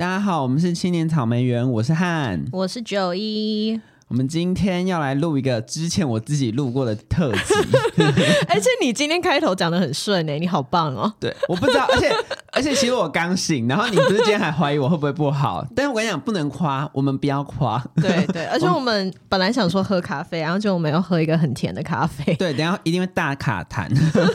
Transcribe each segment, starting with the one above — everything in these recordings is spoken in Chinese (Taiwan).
大家好，我們是青年草莓園，我是漢，我是九一。我們今天要來錄一個之前我自己錄過的特輯， 而且你今天開頭講得很順呢、欸，你好棒哦、喔。對，我不知道，而且而且其實我剛醒，然後你之前還懷疑我會不會不好，但是我跟你講不能誇，我們不要誇。 對，對對，而且我們本來想說喝咖啡，然後就我們要喝一個很甜的咖啡。 對，等一下一定會大卡痰。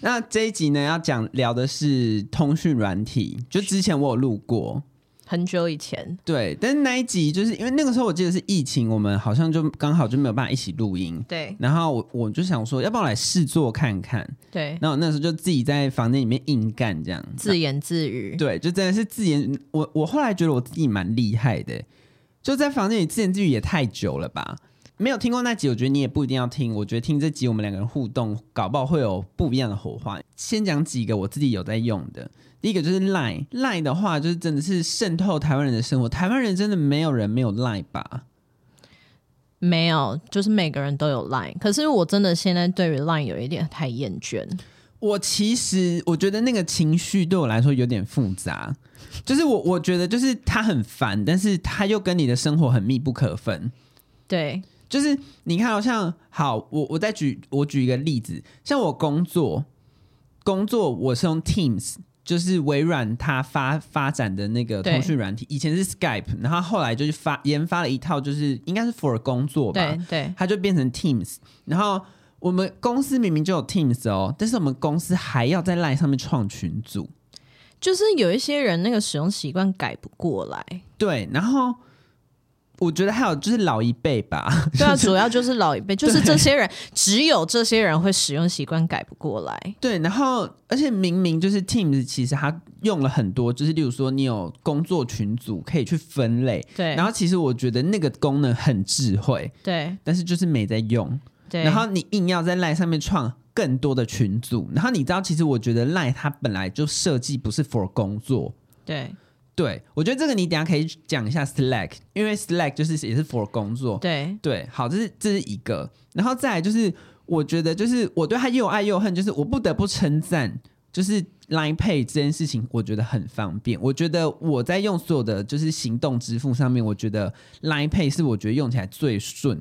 那這一集呢，要講聊的是通訊軟體，就之前我有錄過，很久以前，對。但是那一集就是因為那個時候我記得是疫情，我們好像就剛好就沒有辦法一起錄音，對。然後我我就想說，要不要來試做看看？對。然後那時候就自己在房間裡面硬幹這樣，自言自語。對，就真的是自言。我我後來覺得我自己蠻厲害的，就在房間裡自言自語也太久了吧。沒有聽過那集，我覺得你也不一定要聽。我覺得聽這集，我們兩個人互動，搞不好會有不一樣的火花。先講幾個我自己有在用的。第一個就是 Line，Line 的話就是真的是滲透台灣人的生活。台灣人真的沒有人沒有 Line 吧？沒有，就是每個人都有 Line。可是我真的現在對於 Line 有一點太厭倦。我其實我覺得那個情緒對我來說有點複雜。就是我我覺得就是他很煩，但是他又跟你的生活很密不可分。對。就是你看、哦，好像好，我我再舉我舉一個例子，像我工作工作，我是用 Teams，就是微軟它發發展的那個通訊軟體，對以前是 Skype，然後後來就是發研發了一套，就是應該是 for 工作吧，對，對它就變成 Teams，然後我們公司明明就有 Teams 哦，但是我們公司還要在 Line 上面創群組，就是有一些人那個使用習慣改不過來，對，然後。我覺得還有就是老一輩吧，對啊，就是、主要就是老一輩，就是這些人，對只有這些人會使用習慣改不過來。對，然後而且明明就是 Teams，其實它用了很多，就是例如說你有工作群組可以去分類，對。然後其實我覺得那個功能很智慧，對。但是就是沒在用，對。然後你硬要在 Line 上面創更多的群組，然後你知道，其實我覺得 Line 它本來就設計不是 for 工作，對。對，我覺得這個你等下可以講一下 Slack，因為 Slack 就是也是 for 工作。對對，好，這是這是一個，然後再來就是，我覺得就是我對他又愛又恨，就是我不得不稱讚，就是 Line Pay 這件事情，我覺得很方便。我覺得我在用所有的就是行動支付上面，我覺得 Line Pay 是我覺得用起來最順。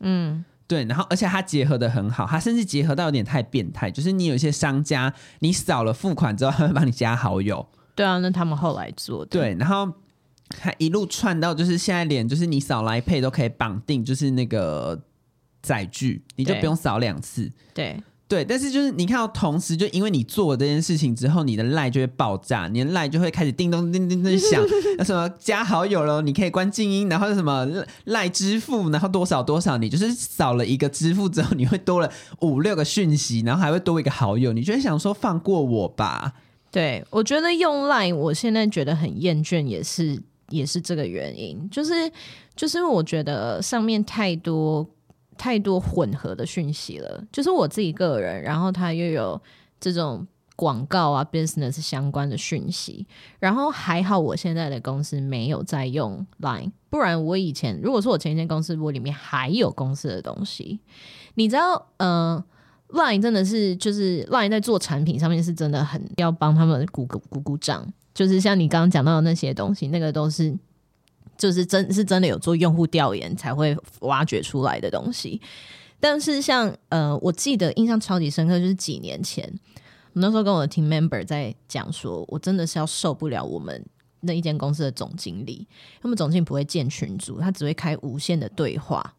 嗯，對，然後而且它結合得很好，它甚至結合到有點太變態，就是你有一些商家，你掃了付款之後，他會幫你加好友。.對啊，那他們後來做對，對，然後還一路串到就是現在連就是你掃來配都可以綁定，就是那個載具，對你就不用掃兩次。對對，但是就是你看到同時，就因為你做了這件事情之後，你的賴就會爆炸，你的賴就會開始叮咚叮咚叮叮響。 那什麼加好友了，你可以關靜音，然後什麼賴支付，然後多少多少，你就是掃了一個支付之後，你會多了五六個訊息，然後還會多一個好友，你就會想說放過我吧。對，我覺得用 Line 我現在覺得很厭倦，也是也是這個原因，就是就是我覺得上面太多太多混合的訊息了，就是我自己個人，然後他又有這種廣告啊、business 相關的訊息，然後還好我現在的公司沒有在用 Line，不然我以前如果說我前一間公司我裡面還有公司的東西，你知道，嗯、呃。Line 真的是就是 Line 在做產品上面是真的很要幫他們鼓鼓鼓掌，就是像你剛剛講到的那些東西，那個都是就是真是真的有做用戶調研才會挖掘出來的東西。但是像呃，我記得印象超級深刻，就是幾年前我那時候跟我的 team member 在講，說我真的是要受不了我們那一間公司的總經理，他們總經理不會建群組，他只會開無限的對話，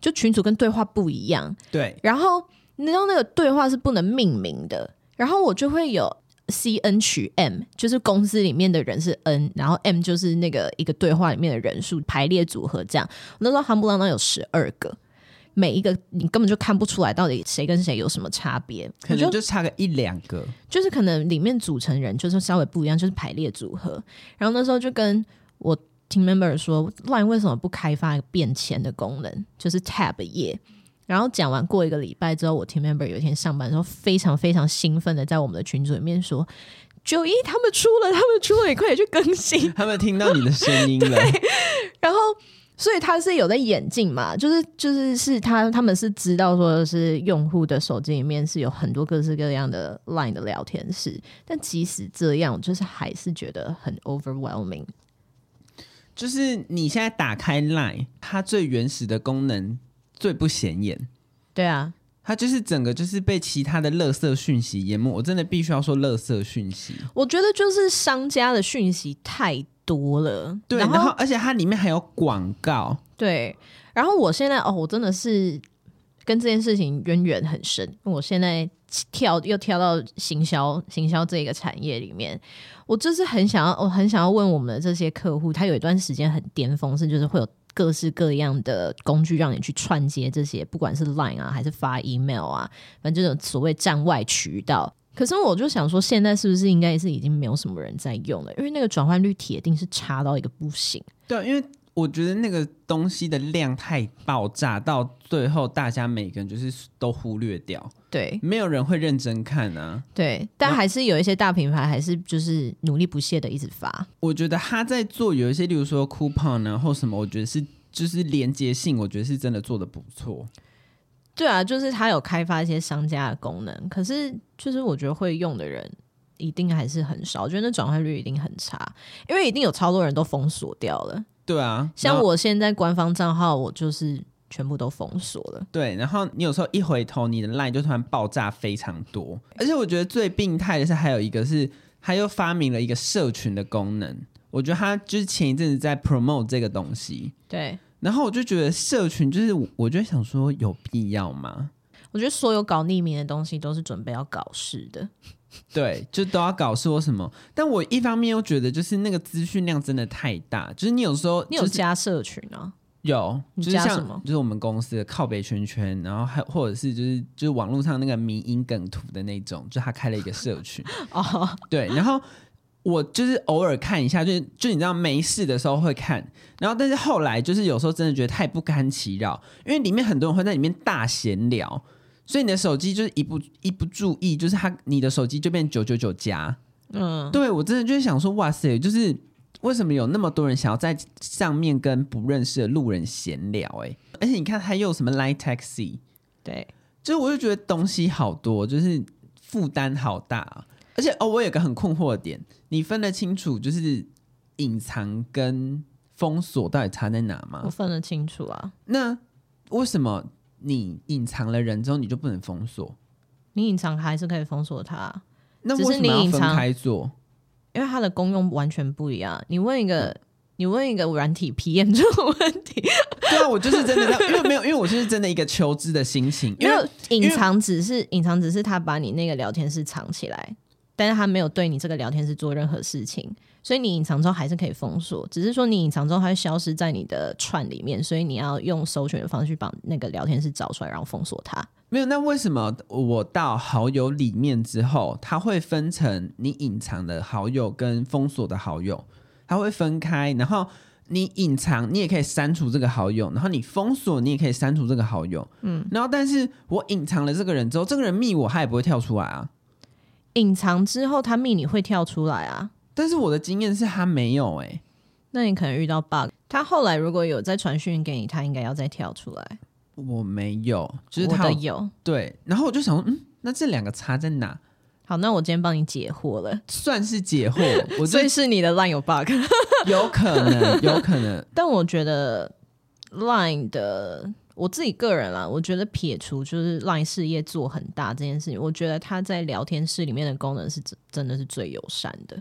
就群組跟對話不一樣。對，然後。你知道那個對話是不能命名的，然後我就會有 C N 取 M，就是公司裡面的人是 N，然後 M 就是那個一個對話裡面的人數排列組合這樣。那時候還不知道有十二個，每一個你根本就看不出來到底誰跟誰有什麼差別，可能就差個一兩個，就是可能裡面組成人就是稍微不一樣，就是排列組合。然後那時候就跟我 Team Member 說，Line 為什麼不開發一個變錢的功能，就是 Tab 頁。然後講完過一個禮拜之後，我 team member 有一天上班的時候，非常非常興奮的在我們的群組裡面說：“九一他們出了，他們出了，你快點去更新。” 他們聽到你的聲音了。 然後，所以他是有在演進嘛？就是就是是他，他們是知道說是用戶的手機裡面是有很多各式各樣的 Line 的聊天室，但即使這樣，我就是還是覺得很 overwhelming。就是你現在打開 Line，它最原始的功能。最不顯眼，對啊，它就是整個就是被其他的垃圾訊息淹沒。我真的必須要說垃圾訊息，我覺得就是商家的訊息太多了。對，然後，然後而且它裡面還有廣告。對，然後我現在哦，我真的是跟這件事情淵源很深。我現在跳又跳到行銷，行銷這個產業裡面，我就是很想要，我很想要問我們的這些客戶，他有一段時間很巔峰，是就是會有。各式各樣的工具讓你去串接這些，不管是 Line 啊，還是發 email 啊，反正這種所謂站外渠道，可是我就想說，現在是不是應該是已經沒有什麼人在用了？因為那個轉換率鐵定是差到一個不行。對，因為。我覺得那個東西的量太爆炸，到最後大家每個人就是都忽略掉，對，沒有人會認真看啊。對，但還是有一些大品牌還是就是努力不懈的一直發。我覺得他在做有一些，例如說酷胖啊或什麼，我覺得是就是連接性，我覺得是真的做得不錯。對啊，就是他有開發一些商家的功能，可是就是我覺得會用的人一定還是很少，我覺得那轉換率一定很差，因為一定有超多人都封鎖掉了。對啊，像我現在官方賬號，我就是全部都封鎖了。對，然後你有時候一回頭，你的 Line 就突然爆炸非常多。而且我覺得最病態的是，還有一個是，他又發明了一個社群的功能。我覺得他就是前一陣子在 promote 這個東西，對。然後我就覺得社群就是，我就想說有必要嗎？我覺得所有搞匿名的東西都是準備要搞事的。 對，就都要搞說什麼？但我一方面又覺得，就是那個資訊量真的太大，就是你有時候、就是、你有加社群啊，有，你加什麼？就是，就是我們公司的靠北圈圈，然後還或者是就是就是網絡上那個迷因梗圖的那種，就他開了一個社群哦， 對，然後我就是偶爾看一下，就就你知道沒事的時候會看，然後但是後來就是有時候真的覺得太不堪其擾，因為裡面很多人會在裡面大閒聊。所以你的手機就是一不一不注意，就是它你的手機就變九九九加，嗯，對我真的就是想說，哇塞，就是為什麼有那麼多人想要在上面跟不認識的路人閒聊，欸？哎，而且你看它又有什麼 Line Taxi？對，就是我就覺得東西好多，就是負擔好大啊。而且哦，我有一個很困惑的點，你分得清楚就是隱藏跟封鎖到底差在哪嗎？我分得清楚啊。那為什麼？你隱藏了人之後，你就不能封鎖。你隱藏還是可以封鎖他。那為什麼，只是你隱藏，要分開做？因為他的功用完全不一樣。你問一個，你問一個軟體 PM 這個問題。對啊，我就是真的， 因為沒有，因為我就是真的一個求知的心情。因為隱藏只是隱藏，只是他把你那個聊天室藏起來，但是他沒有對你這個聊天室做任何事情。所以你隱藏之後還是可以封鎖，只是說你隱藏之後它會消失在你的串裡面，所以你要用搜尋的方式去把那個聊天室找出來，然後封鎖它。沒有？那為什麼我到好友裡面之後，它會分成你隱藏的好友跟封鎖的好友，它會分開？然後你隱藏，你也可以刪除這個好友；然後你封鎖，你也可以刪除這個好友。嗯。然後，但是我隱藏了這個人之後，這個人密我他也不會跳出來啊。隱藏之後，他密你會跳出來啊。但是我的經驗是他沒有，哎、欸，那你可能遇到 bug。他後來如果有再傳訊給你，他應該要再跳出來。我沒有，就是他有，對。然後我就想說，嗯，那這兩個差在哪？好，那我今天幫你解惑了，算是解惑。我 所以是你的 line 有 bug， 有可能，有可能。 但我覺得 Line 的我自己個人啦，我覺得撇除就是 Line 事業做很大這件事情，我覺得他在聊天室裡面的功能是真真的是最友善的。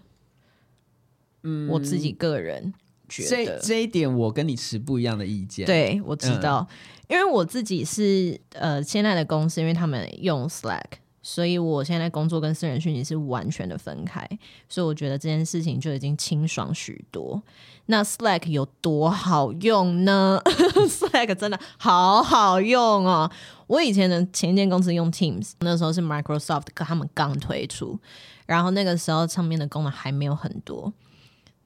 嗯，我自己個人覺得，這這一點我跟你持不一樣的意見。對，我知道，嗯、因為我自己是呃，現在的公司，因為他們用 Slack，所以我現在工作跟私人訊息是完全的分開，所以我覺得這件事情就已經清爽許多。那 Slack 有多好用呢 ？Slack 真的好好用哦！我以前的前一間公司用 Teams，那時候是 Microsoft，可他們剛推出，然後那個時候上面的功能還沒有很多。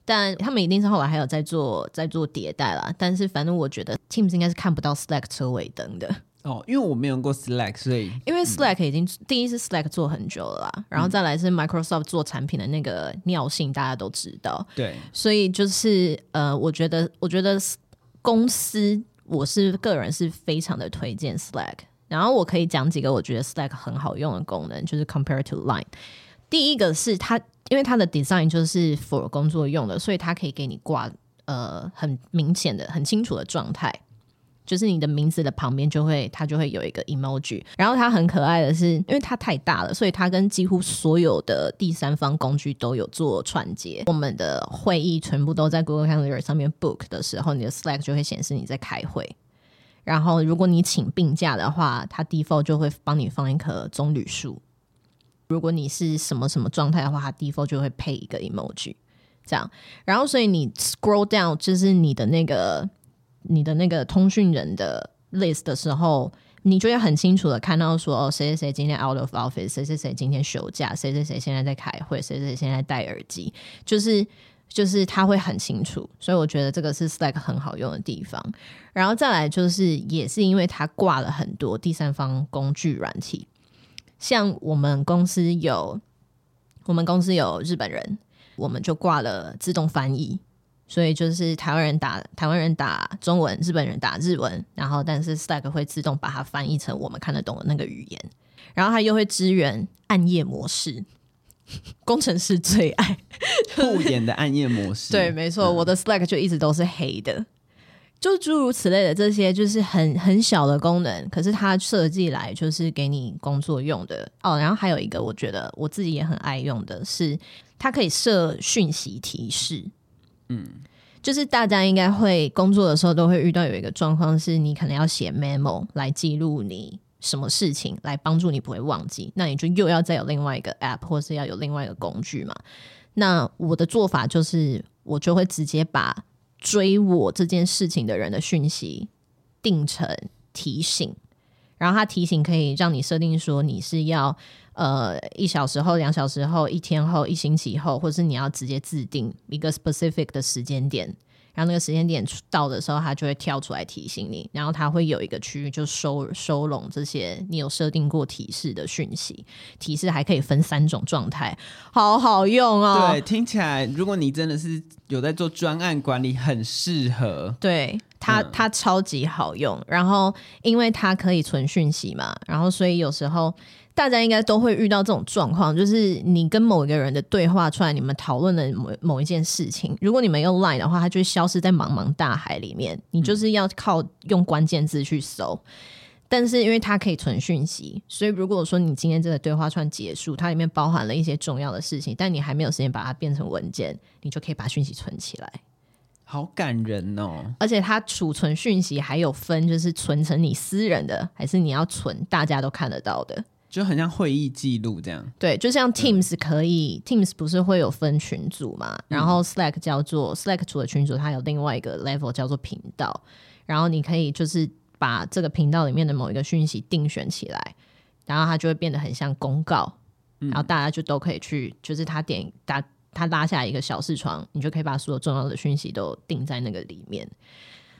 但他們一定是後來還有在做，在做迭代啦。但是反正我覺得 Teams 應該是看不到 Slack 車尾燈的。哦，因為我沒有用過 Slack，所以因為 Slack 已經、嗯、第一是 Slack 做很久了啦，然後再來是 Microsoft 做產品的那個尿性，嗯、大家都知道。對，所以就是呃，我覺得，我覺得公司我是個人是非常的推薦 Slack。然後我可以講幾個我覺得 Slack 很好用的功能，就是 compared to Line。第一個是它，因為它的 design 就是 for 工作用的，所以它可以給你掛呃很明顯的、很清楚的狀態，就是你的名字的旁邊就會它就會有一個 emoji。然後它很可愛的是，因為它太大了，所以它跟幾乎所有的第三方工具都有做串接。我們的會議全部都在 Google Calendar 上面 book 的時候，你的 Slack 就會顯示你在開會。然後如果你請病假的話，它 default 就會幫你放一棵棕櫚樹。如果你是什麼什麼狀態的話，它 default 就會配一個 emoji，這樣。然後，所以你 scroll down 就是你的那個你的那個通訊人的 list 的時候，你就會很清楚的看到說，哦，誰誰誰今天 out of office，誰誰誰今天休假，誰誰誰現在在開會，誰誰誰現在戴耳機，就是就是他會很清楚。所以我覺得這個是 Slack 很好用的地方。然後再來就是也是因為它掛了很多第三方工具軟件。像我們公司有，我們公司有日本人，我們就掛了自動翻譯，所以就是台灣人打台灣人打中文，日本人打日文，然後但是 Slack 會自動把它翻譯成我們看得懂的那個語言，然後他又會支援暗夜模式，工程師最愛，護 眼的暗夜模式， 對，沒錯，我的 Slack 就一直都是黑的。就諸如此類的這些，就是很很小的功能，可是它設計來就是給你工作用的哦。然後還有一個，我覺得我自己也很愛用的是，它可以設訊息提示。嗯，就是大家應該會工作的時候都會遇到有一個狀況，是你可能要寫 memo 來記錄你什麼事情，來幫助你不會忘記。那你就又要再有另外一個 app，或是要有另外一個工具嘛。那我的做法就是，我就會直接把。追我這件事情的人的訊息，定成提醒，然後他提醒可以讓你設定說，你是要呃一小時後、兩小時後、一天後、一星期後，或是你要直接制定一個 specific 的時間點。然後那個時間點到的時候，它就會跳出來提醒你。然後它會有一個區域，就收收攏這些你有設定過提示的訊息。提示還可以分三種狀態，好好用啊！哦！對，聽起來如果你真的是有在做專案管理，很適合。對，它，它超級好用。嗯、然後因為它可以存訊息嘛，然後所以有時候。大家應該都會遇到這種狀況，就是你跟某一個人的對話出來，你們討論的某某一件事情，如果你們用 Line 的話，它就會消失在茫茫大海裡面。你就是要靠用關鍵字去搜，嗯、但是因為它可以存訊息，所以如果說你今天這個對話串結束，它裡面包含了一些重要的事情，但你還沒有時間把它變成文件，你就可以把訊息存起來。好感人哦！而且它儲存訊息還有分，就是存成你私人的，還是你要存大家都看得到的。就很像會議記錄這樣，對，就像 Teams 可以、嗯、，Teams 不是會有分群組嘛？然後 Slack 叫做、嗯、Slack 除了群組，它有另外一個 level 叫做頻道，然後你可以就是把這個頻道裡面的某一個訊息定選起來，然後它就會變得很像公告，嗯、然後大家就都可以去，就是他點它他拉下一個小視窗，你就可以把所有重要的訊息都定在那個裡面，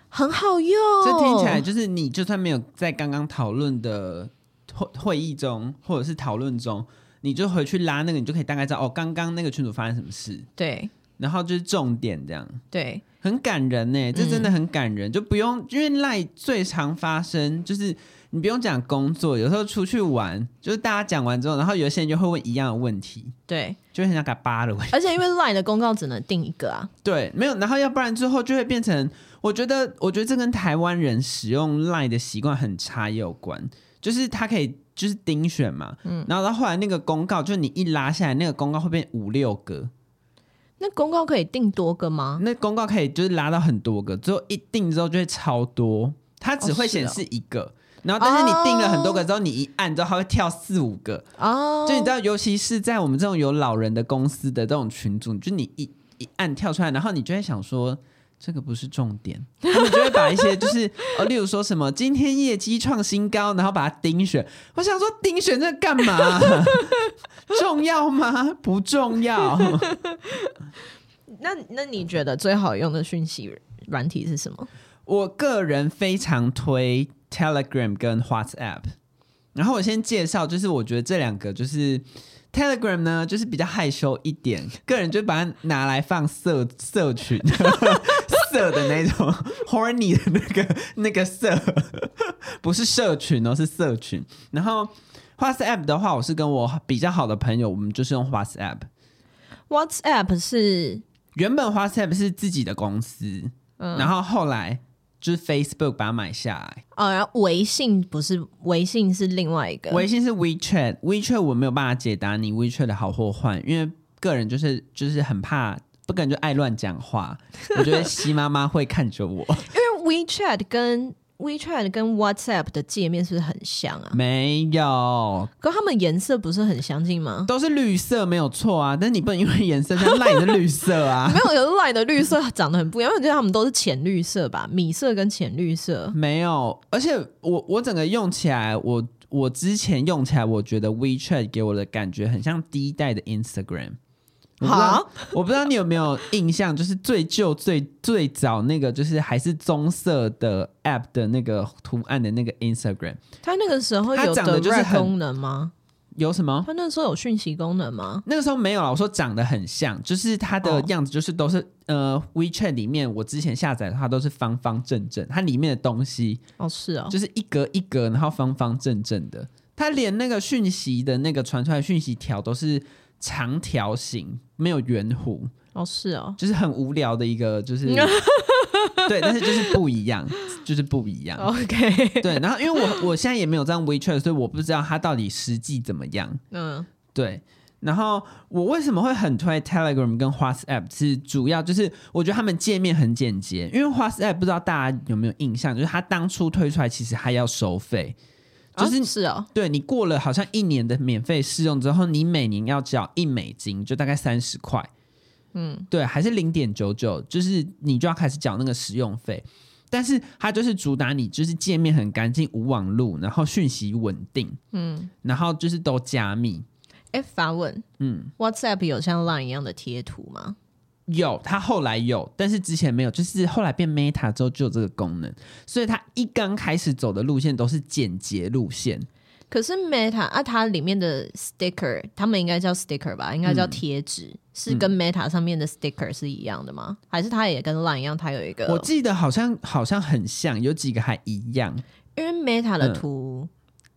很好用。這聽起來就是你就算沒有在剛剛討論的。會會議中，或者是討論中，你就回去拉那個，你就可以大概知道哦，剛剛那個群組發生什麼事。對，然後就是重點這樣。對，很感人呢、欸，這真的很感人，嗯、就不用因為賴最常發生，就是你不用講工作，有時候出去玩，就是大家講完之後，然後有些人就會問一樣的問題。對，就會很想給他巴的問題。而且因為賴的公告只能定一個啊。對，沒有，然後要不然之後就會變成，我覺得，我覺得這跟台灣人使用賴的習慣很差也有關。就是他可以就是釘選嘛，嗯，然後到後來那個公告，就你一拉下來，那個公告會變五六個。那公告可以定多個嗎？那公告可以就是拉到很多個，最後一定之後就會超多，它只會顯示一個。哦哦，然後但是你定了很多個之後，你一按之後，它會跳四五個哦。就你知道，尤其是在我們這種有老人的公司的這種群組，就你一一按跳出來，然後你就會想說。這個不是重點，他們就會把一些就是呃、 哦，例如說什麼今天業績創新高，然後把它釘選。我想說，釘選這幹嘛？ 重要嗎？不重要。那那你覺得最好用的訊息軟體是什麼？我個人非常推 Telegram 跟 WhatsApp。然後我先介紹，就是我覺得這兩個就是。Telegram 呢，就是比較害羞一點，個人就把它拿來放色色群，色的那種 horny 的那個那個色，不是社群哦，是社群。然後 WhatsApp 的話，我是跟我比較好的朋友，我們就是用 WhatsApp。WhatsApp 是原本 WhatsApp 是自己的公司，嗯，然後後來。就是 Facebook 把它買下來，哦，然後微信，不是，微信是另外一個，微信是 WeChat，WeChat We 我沒有辦法解答你 WeChat 的好或壞，因為個人就是就是很怕，不敢就愛亂講話， 我覺得西媽媽會看着我， 因為 WeChat 跟。WeChat 跟 WhatsApp 的界面是不是很像啊？沒有，可他們顏色不是很相近嗎？都是綠色，沒有錯啊。但是你不能因為顏色像 Line 的綠色啊？ 沒有，有 Line 的綠色長得很不一樣，因為我覺得它們都是淺綠色吧，米色跟淺綠色。沒有，而且我我整個用起來，我我之前用起來，我覺得 WeChat 給我的感覺很像第一代的 Instagram。好我， 我不知道你有沒有印象，就是最舊、最最早那個，就是還是棕色的 App 的那個圖案的那個 Instagram，它那個時候有長就是功能嗎？有什麼？它那個時候有訊息功能嗎？那個時候沒有了。我說長得很像，就是它的樣子，就是都是、oh. 呃 WeChat 裡面我之前下載它都是方方正正，它裡面的東西哦是哦，就是一格一格，然後方方正正的，它連那個訊息的那個傳出來訊息條都是。長條形，沒有圓弧哦，是哦，就是很無聊的一個，就是 對，但是就是不一樣，就是不一樣。OK， 對，然後因為我我現在也沒有這樣 WeChat，所以我不知道它到底實際怎麼樣。嗯，對。然後我為什麼會很推 Telegram 跟 WhatsApp？是主要就是我覺得他們界面很簡潔，因為 WhatsApp 不知道大家有沒有印象，就是它當初推出來其實還要收費。就是哦是哦，對，你過了好像一年的免費試用之後，你每年要交一美金，就大概三十塊，嗯，對，還是零點九九，就是你就要開始繳那個使用費。但是它就是主打你就是界面很乾淨、無網路，然後訊息穩定，嗯，然後就是都加密。哎，發問，嗯，WhatsApp 有像 Line 一樣的貼圖嗎？有，它後來有，但是之前沒有，就是後來變 Meta 之後就有這個功能。所以它一剛開始走的路線都是簡潔路線。可是 Meta 啊，它裡面的 sticker，他們應該叫 sticker 吧？應該叫貼紙，嗯、是跟 Meta 上面的 sticker 是一樣的嗎？嗯、還是它也跟 Line 一樣，它有一個？我記得好像好像很像，有幾個還一樣。因為 Meta 的圖、嗯，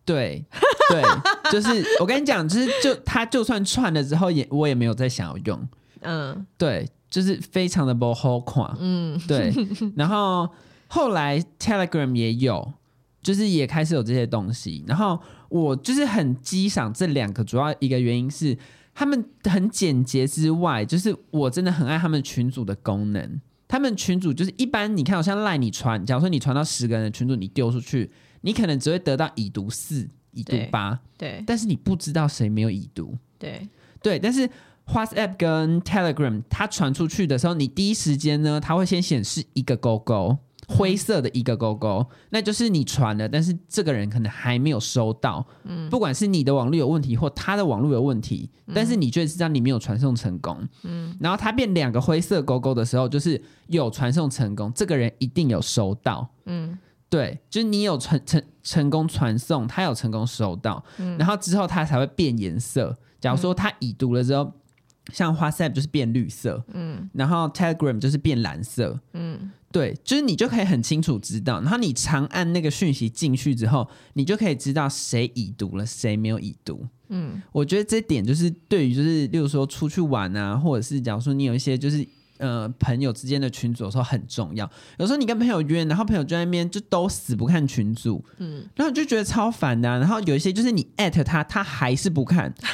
對對， 就是我跟你講，就是就它就算串了之後也，也我也沒有再想要用。嗯，對。就是非常的不好看嗯，對。然後後來 Telegram 也有，就是也開始有這些東西。然後我就是很欣賞這兩個，主要一個原因是他們很簡潔之外，就是我真的很愛他們群組的功能。他們群組就是一般，你看好像賴你傳，假如說你傳到十個人的群組，你丟出去，你可能只會得到已讀四、已讀八，對，但是你不知道誰沒有已讀，對，對，但是。WhatsApp 跟 Telegram，它傳出去的時候，你第一時間呢，它會先顯示一個勾勾，灰色的一個勾勾，嗯、那就是你傳了，但是這個人可能還沒有收到。嗯，不管是你的網絡有問題，或他的網絡有問題，但是你覺得是這樣，你沒有傳送成功。嗯，然後它變兩個灰色勾勾的時候，就是有傳送成功，這個人一定有收到。嗯，對，就是你有傳成成功傳送，他有成功收到，嗯、然後之後他才會變顏色。假如說他已讀了之後，像 WhatsApp 就是變綠色，嗯，然後 Telegram 就是變藍色，嗯，對，就是你就可以很清楚知道。然後你長按那個訊息進去之後，你就可以知道誰已讀了，誰沒有已讀。嗯，我覺得這點就是對於就是例如說出去玩啊，或者是假如說你有一些就是呃朋友之間的群組的時候很重要。有時候你跟朋友約，然後朋友就在那邊就都死不看群組，嗯，然後就覺得超煩的啊。然後有一些就是你 at 他，他還是不看。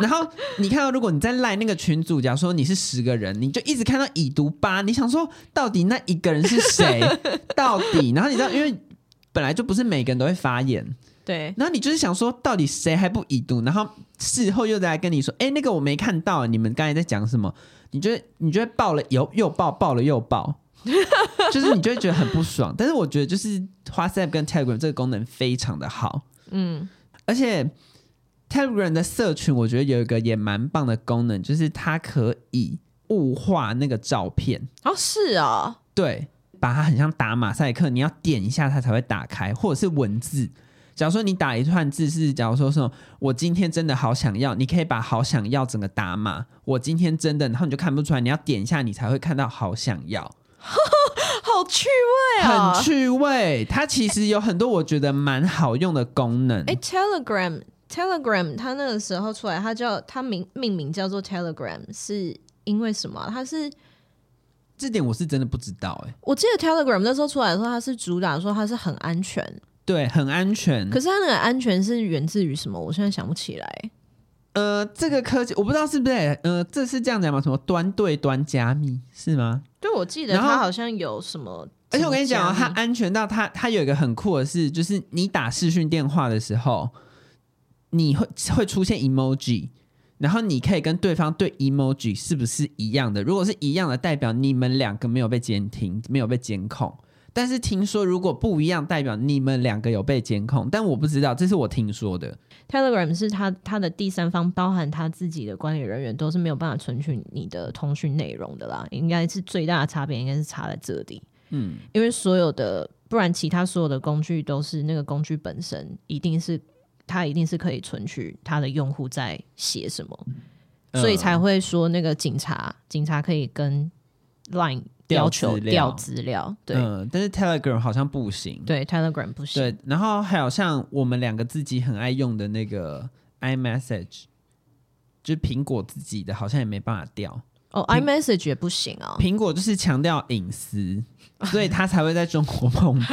然後你看到，如果你在賴那個群組，假如說你是十個人，你就一直看到已讀八，你想說到底那一個人是誰？ 到底？然後你知道，因為本來就不是每個人都會發言，對。然後你就是想說，到底誰還不已讀？然後事後又再來跟你說，哎，那個我沒看到，你們剛才在講什麼？你就會，你就會爆了又又爆，爆了又爆， 就是你就會覺得很不爽。但是我覺得就是 WhatsApp 跟 Telegram 這個功能非常的好，嗯，而且。Telegram 的社群，我覺得有一個也蠻棒的功能，就是它可以霧化那個照片哦，是啊、哦，對，把它很像打馬賽克，你要點一下它才，才會打開，或者是文字。假如說你打一串字是，是假如說什麼我今天真的好想要，你可以把“好想要”整個打碼，我今天真的，然後你就看不出來，你要點一下你才會看到“好想要”， 好趣味、哦，很趣味。它其實有很多我覺得蠻好用的功能，哎，Telegram Telegram，它那個時候出來，它叫它名命名叫做 Telegram，是因為什麼、啊？它是這點我是真的不知道哎、欸。我記得 Telegram 那時候出來的時候，它是主打說它是很安全，對，很安全。可是它那個安全是源自於什麼？我現在想不起來。呃，這個科技我不知道是不是、欸。呃，這是這樣講嗎？什麼端對端加密是嗎？對，我記得。它好像有什麼，而且我跟你講它、喔、安全到它它有一個很酷的事，就是你打視訊電話的時候。你會會出現 emoji，然後你可以跟對方對 emoji 是不是一樣的？如果是一樣的，代表你們兩個沒有被監聽，沒有被監控。但是聽說如果不一樣，代表你們兩個有被監控。但我不知道，這是我聽說的。Telegram 是他他的第三方，包含他自己的管理人員都是沒有辦法存取你的通訊內容的啦。應該是最大的差別，應該是差在這裡。嗯，因為所有的，不然其他所有的工具都是那個工具本身一定是。他一定是可以存取他的用戶在寫什麼，嗯、所以才會說那個警察、警察可以跟 Line 要求調資料，對。嗯、但是 Telegram 好像不行，對 Telegram 不行。對，然後還有像我們兩個自己很愛用的那個 iMessage，就是蘋果自己的，好像也沒辦法調。哦，iMessage 也不行哦。蘋果就是強調隱私，所以他才會在中國碰壁。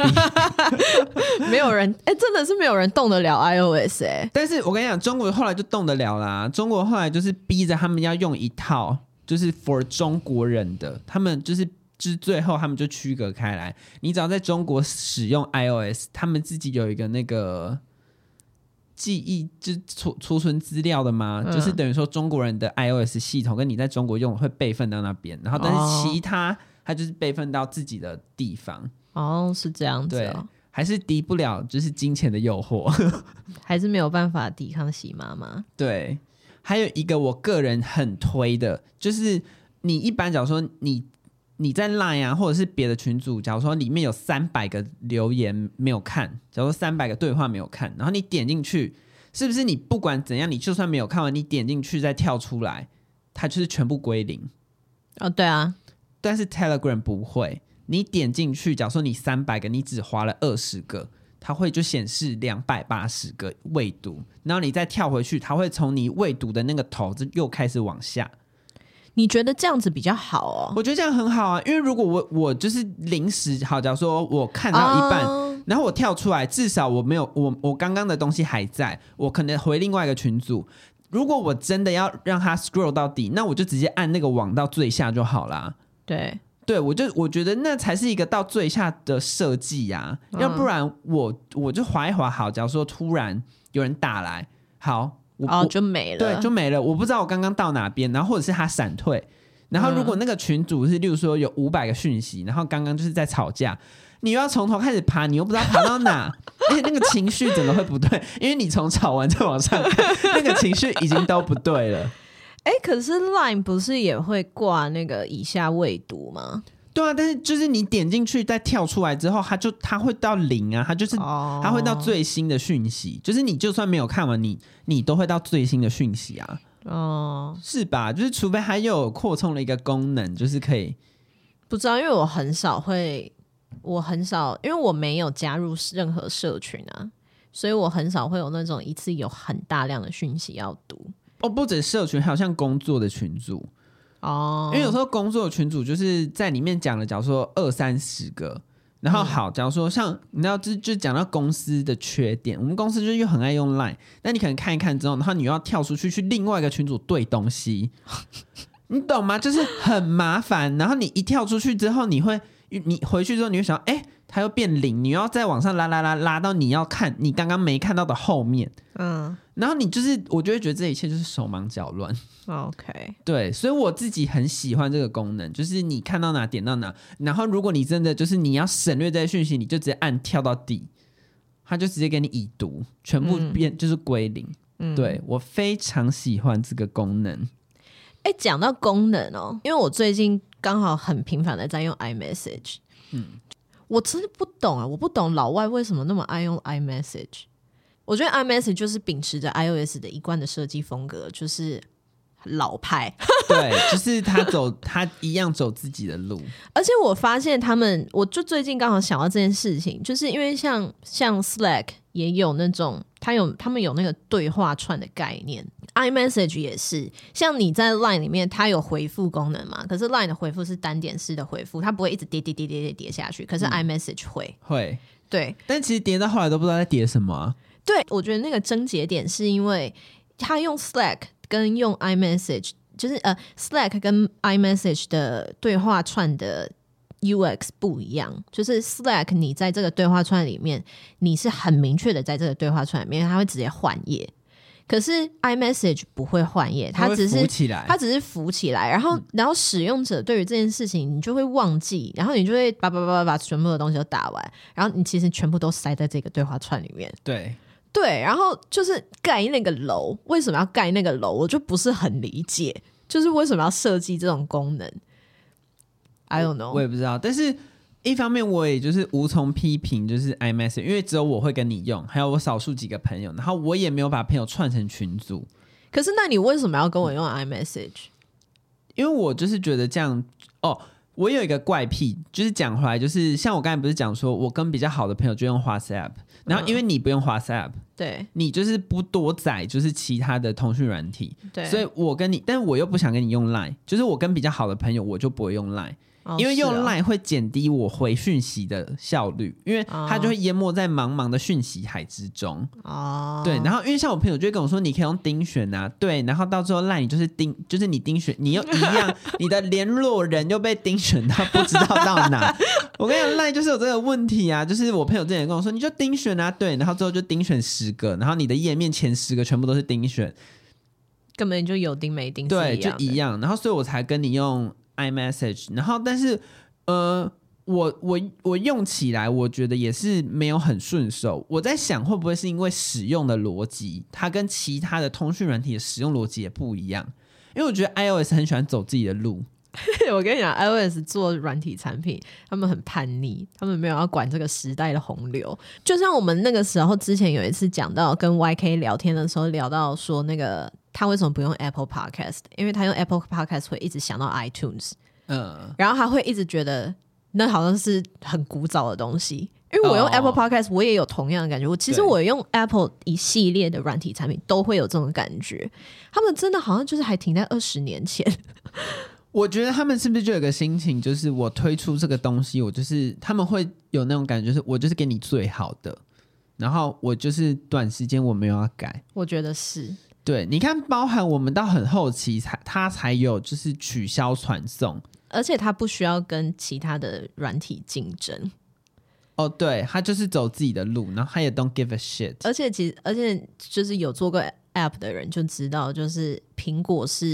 沒有人，欸，真的是沒有人動得了 iOS 欸。但是我跟你講，中國後來就動得了啦。中國後來就是逼着他們要用一套，就是 for 中國人的。他們就是就是最後，他們就區隔開來。你只要在中國使用 iOS，他們自己有一個那個。記憶就儲儲存資料的嗎？嗯、就是等於說中國人的 iOS 系統跟你在中國用會備份到那邊，然後但是其他，哦、它就是備份到自己的地方。哦，是這樣子哦。對，還是抵不了就是金錢的誘惑， 還是沒有辦法抵抗洗媽媽？對，還有一個我個人很推的，就是你一般假如說你。你在 Line 啊，或者是別的群組，假如說裡面有三百個留言沒有看，假如說三百個對話沒有看，然後你點進去，是不是你不管怎樣，你就算沒有看完，你點進去再跳出來，它就是全部歸零哦。對啊，但是 Telegram 不會，你點進去，假如說你三百個，你只花了二十個，它會就顯示兩百八十個未讀，然後你再跳回去，它會從你未讀的那個頭子又開始往下。你覺得這樣子比較好哦？我覺得這樣很好啊，因為如果我我就是臨時好，假如說我看到一半，uh、然後我跳出來，至少我沒有我我剛剛的東西還在，我可能回另外一個群組。如果我真的要讓它 scroll 到底，那我就直接按那個網到最下就好啦。對，對我就我覺得那才是一個到最下的設計呀、啊，要不然我我就滑一滑好，假如說突然有人打來，好。哦，就沒了。對，就沒了。我不知道我剛剛到哪邊，然後或者是他閃退。然後如果那個群組是，嗯、例如說有五百個訊息，然後剛剛就是在吵架，你又要從頭開始爬，你又不知道爬到哪，而且、 欸、那個情緒怎麼會不對？因為你從吵完再往上看，那個情緒已經都不對了。哎、欸，可是 Line 不是也會掛那個以下未讀嗎？對啊，但是就是你點進去再跳出來之後，它就它會到零啊，它就是、哦、它會到最新的訊息，就是你就算沒有看完，你你都會到最新的訊息啊。哦，是吧？就是除非它又有擴充了一個功能，就是可以不知道，因為我很少會，我很少，因為我沒有加入任何社群啊，所以我很少會有那種一次有很大量的訊息要讀。哦，不止社群，還有像工作的群組。哦，oh. 因為有時候工作的群組就是在裡面講了，假如說二三十個，然後好，嗯、假如說像你知道，就就講到公司的缺點，我們公司就又很愛用 Line，那你可能看一看之後，然後你又要跳出去去另外一個群組對東西， 你懂嗎？就是很麻煩，然後你一跳出去之後，你會你回去之後你會想，哎、欸。它又變零，你要再往上拉拉拉拉到你要看，你剛剛沒看到的後面，嗯，然後你就是，我就會覺得這一切就是手忙腳亂。哦、OK，對，所以我自己很喜歡這個功能，就是你看到哪點到哪，然後如果你真的就是你要省略這些訊息你就直接按跳到底，它就直接給你已讀，全部變、嗯、就是歸零。嗯，對我非常喜歡這個功能。哎，講到功能哦，因為我最近剛好很頻繁的在用 iMessage，嗯。我真的不懂啊！我不懂老外為什麼那麼愛用 iMessage。我覺得 iMessage 就是秉持着 iOS 的一貫的設計風格，就是老派。 對，就是他走，他一樣走自己的路。 而且我發現他們，我就最近剛好想到這件事情，就是因為像像 Slack 也有那種。他有，他們有那個對話串的概念。iMessage 也是，像你在 Line 裡面，它有回復功能嘛？可是 Line 的回復是單點式的回復，它不會一直疊疊疊疊跌跌下去。可是 iMessage 會，嗯、會對，但其實疊到後來都不知道在疊什麼、啊。對，我覺得那個症結點是因為他用 Slack 跟用 iMessage，就是呃，Slack 跟 iMessage 的對話串的。UX 不一樣，就是 Slack，你在這個對話串裡面，你是很明確的在這個對話串裡面，它會直接換頁。可是 iMessage 不會換頁，它只是，它會浮起來，它只是浮起來，然後，嗯，然後使用者對於這件事情，你就會忘記，然後你就會叭叭叭叭把全部的東西都打完，然後你其實全部都塞在這個對話串裡面。對對，然後就是蓋那個樓，為什麼要蓋那個樓？我就不是很理解，就是為什麼要設計這種功能。I don't know，我，我也不知道，但是一方面我也就是無從批評，就是 iMessage，因為只有我會跟你用，還有我少數幾個朋友，然後我也沒有把朋友串成群組。可是那你為什麼要跟我用 iMessage？因為我就是覺得這樣哦。我有一個怪癖，就是講回來，就是像我剛才不是講說，我跟比較好的朋友就用 WhatsApp，然後因為你不用 WhatsApp，嗯，對，你就是不多載，就是其他的通訊軟體。對，所以我跟你，但我又不想跟你用 Line，就是我跟比較好的朋友，我就不會用 Line。因為用 Line 會減低我回訊息的效率，哦、因為它就會淹沒在茫茫的訊息海之中。哦，對，然後因為像我朋友就會跟我說，你可以用釘選啊，對，然後到最後 Line 你就是釘，就是你釘選，你又一樣， 你的聯絡人又被釘選到不知道到哪。 我跟你講，Line 就是有這個問題啊，就是我朋友之前跟我說，你就釘選啊，對，然後最後就釘選十個，然後你的頁面前十個全部都是釘選，根本就有釘沒釘，對，就一樣。然後所以我才跟你用。iMessage，然後但是，呃，我我我用起來，我覺得也是沒有很順手。我在想，會不會是因為使用的邏輯，它跟其他的通訊軟體的使用邏輯也不一樣？因為我覺得 iOS 很喜歡走自己的路。 我跟你講，iOS 做軟體產品，他們很叛逆，他們沒有要管這個時代的洪流。就像我們那個時候之前有一次講到跟 YK 聊天的時候，聊到說那個。他為什麼不用 Apple Podcast？因為他用 Apple Podcast 會一直想到 iTunes。嗯、呃，然後他會一直覺得那好像是很古早的東西。因為我用 Apple Podcast，我也有同樣的感覺。哦、我其實我用 Apple 一系列的軟體產品都會有這種感覺，他們真的好像就是還停在二十年前。我覺得他們是不是就有個心情，就是我推出這個東西，我就是他們會有那種感覺，是我就是給你最好的，然後我就是短時間我沒有要改。我覺得是。對，你看，包含我們到很後期才，它才有就是取消傳送，而且它不需要跟其他的軟體競爭。哦，對，它就是走自己的路，然後它也 don't give a shit。而且其實，而且就是有做過 app 的人就知道，就是蘋果是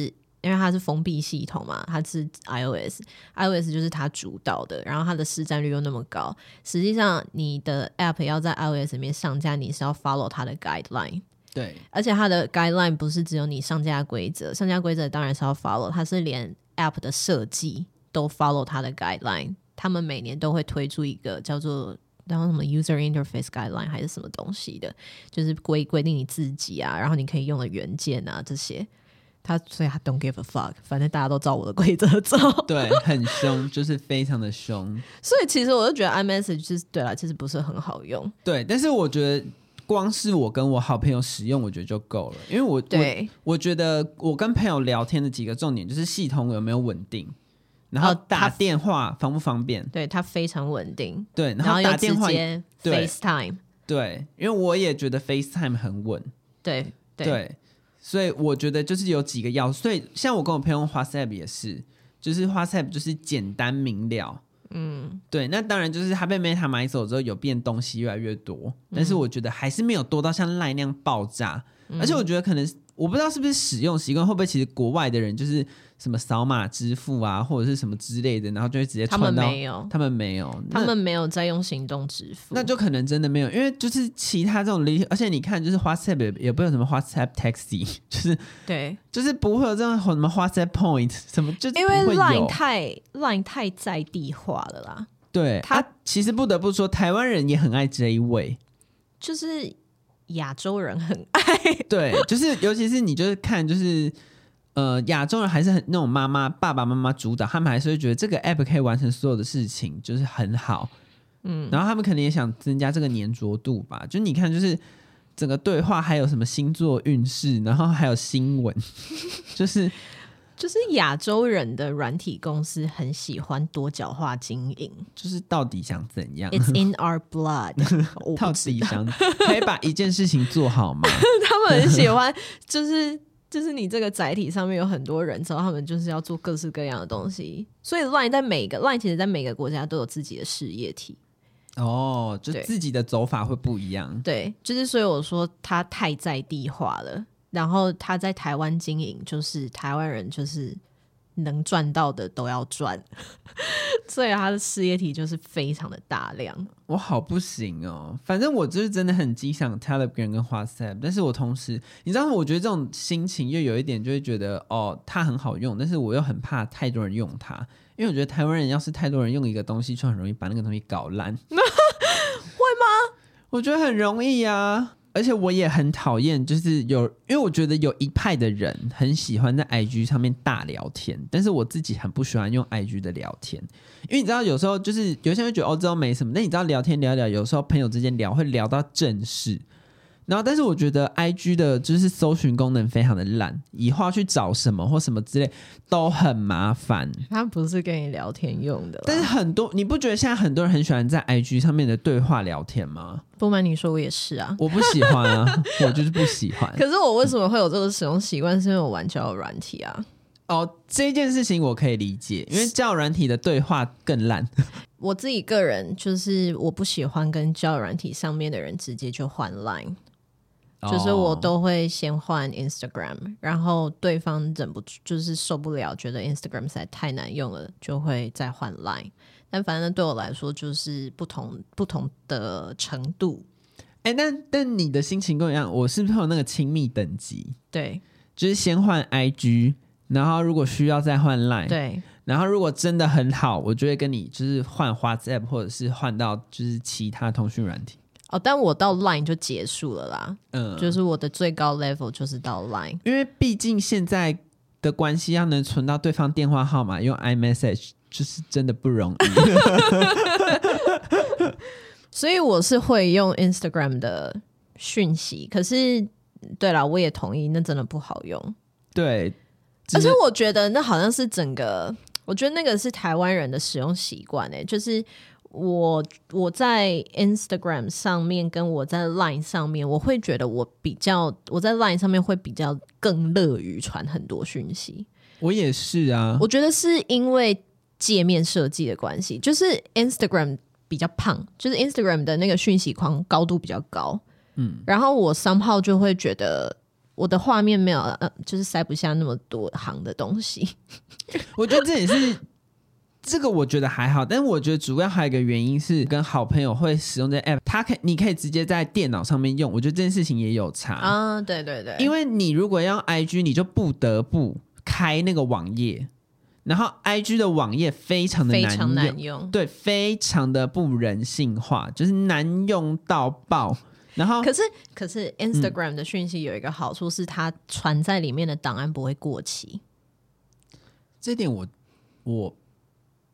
因為它是封閉系統嘛，它是 iOS，iOS 就是它主導的，然後它的市佔率又那麼高，實際上你的 app 要在 iOS 裡面上架，你是要 follow 它的 guideline。對，而且它的 guideline 不是只有你上架規則，上架規則當然是要 follow，它是連 app 的設計都 follow 它的 guideline。他們每年都會推出一個叫做叫做什麼 user interface guideline 還是什麼東西的，就是規規定你自己啊，然後你可以用的元件啊這些。他所以他 don't give a fuck，反正大家都照我的規則走。對，很凶， 就是非常的凶。所以其實我就覺得 iMessage 就是對啦，其實不是很好用。對，但是我覺得。光是我跟我好朋友使用，我覺得就夠了。因為我對我，我覺得我跟朋友聊天的幾個重點就是系統有沒有穩定，然後打電話方不方便。哦、對，它非常穩定。對，然後打電話，FaceTime。對，因為我也覺得 FaceTime 很穩。對對，對，所以我覺得就是有幾個要，所以像我跟我朋友 WhatsApp 也是，就是 WhatsApp 就是簡單明了。嗯，對，那當然就是他被 Meta 買走之後有變東西越來越多，嗯、但是我覺得還是沒有多到像賴那樣爆炸，嗯、而且我覺得可能是。我不知道是不是使用習慣會不會，其實國外的人就是什麼掃碼支付啊或者是什麼之類的，然後就會直接到他們沒有，他們沒有，他們沒有在用行動支付，那就可能真的沒有，因為就是其他這種類型，而且你看就是 WhatsApp 也不用什麼 WhatsApp taxi，就是對，就是不會有這樣什麼 WhatsApp point 什麼，就是因為 Line 太 Line 太在地化了啦，對他、啊、其實不得不說台灣人也很愛這一位，就是。亞洲人很愛，對，就是尤其是你，就是看，就是 呃，亞洲人還是很那種媽媽、爸爸媽媽主導，他們還是會覺得這個 app 可以完成所有的事情，就是很好，嗯，然後他們可能也想增加這個黏着度吧，就你看，就是整個對話，還有什麼星座運勢，然後還有新聞， 就是。就是亞洲人的軟體公司很喜歡多角化經營，就是到底想怎樣？It's in our blood， 到底想 可以把一件事情做好嗎？ 他們很喜歡，就是就是你這個載體上面有很多人之後，他們就是要做各式各樣的東西。所以，Line 在每個 Line，其實在每個國家都有自己的事業體。哦，oh, 就自己的走法會不一樣。對，對，就是所以我說它太在地化了。然後他在台灣經營，就是台灣人就是能賺到的都要賺， 所以他的事業體就是非常的大量。我好不行哦，反正我就是真的很激賞 Telegram 跟 WhatsApp，但是我同時你知道嗎，我覺得這種心情又有一點就會覺得哦，它很好用，但是我又很怕太多人用它，因為我覺得台灣人要是太多人用一個東西，就很容易把那個東西搞爛。 會嗎？我覺得很容易啊。而且我也很討厭，就是有，因為我覺得有一派的人很喜歡在 IG 上面大聊天，但是我自己很不喜歡用 IG 的聊天，因為你知道有時候就是有些人覺得哦這都沒什麼，那你知道聊天聊聊，有時候朋友之間聊會聊到正事。然後，但是我覺得 I G 的就是搜尋功能非常的爛，以後要去找什麼或什麼之類都很麻煩。它不是跟你聊天用的。但是很多，你不覺得現在很多人很喜歡在 I G 上面的對話聊天嗎？不瞞你說，我也是啊。我不喜歡啊， 我就是不喜歡。 可是我為什麼會有這個使用習慣？是因為我玩交友軟體啊。哦，這件事情我可以理解，因為交友軟體的對話更爛。 我自己個人就是我不喜歡跟交友軟體上面的人直接就換 Line。就是我都會先換 Instagram、哦、然後對方忍不住就是受不了，覺得 Instagram 實在太難用了，就會再換 Line。但反正對我來說，就是不同不同的程度。哎，那但，但你的心情跟我一樣，我是不是有那個親密等級？對，就是先換 IG，然後如果需要再換 Line。對，然後如果真的很好，我就會跟你就是換 WhatsApp，或者是換到就是其他通訊軟體。哦，但我到 Line 就結束了啦，嗯，就是我的最高 level 就是到 Line，因為畢竟現在的關係要能存到對方電話號碼，用 iMessage 就是真的不容易， 所以我是會用 Instagram 的訊息。可是，對啦，我也同意，那真的不好用。對，而且我覺得那好像是整個，我覺得那個是台灣人的使用習慣誒，就是。我我在 Instagram 上面，跟我在 Line 上面，我會覺得我比較，我在 Line 上面會比較更樂於傳很多訊息。我也是啊，我覺得是因為界面設計的關係，就是 Instagram 比較胖，就是 Instagram 的那個訊息框高度比較高，嗯，然後我 somehow 就會覺得我的畫面沒有，呃，就是塞不下那麼多行的東西。 我覺得這也是。 這個我覺得還好，但是我覺得主要還有一個原因是跟好朋友會使用這 app，他可你可以直接在電腦上面用。我覺得這件事情也有差啊、哦，對對對，因為你如果要 IG，你就不得不開那個網頁，然後 IG 的網頁非常的難用，難用對，非常的不人性化，就是難用到爆。然後可是可是 Instagram 的訊息有一個好處是它傳在裡面的檔案不會過期，嗯、這點我我。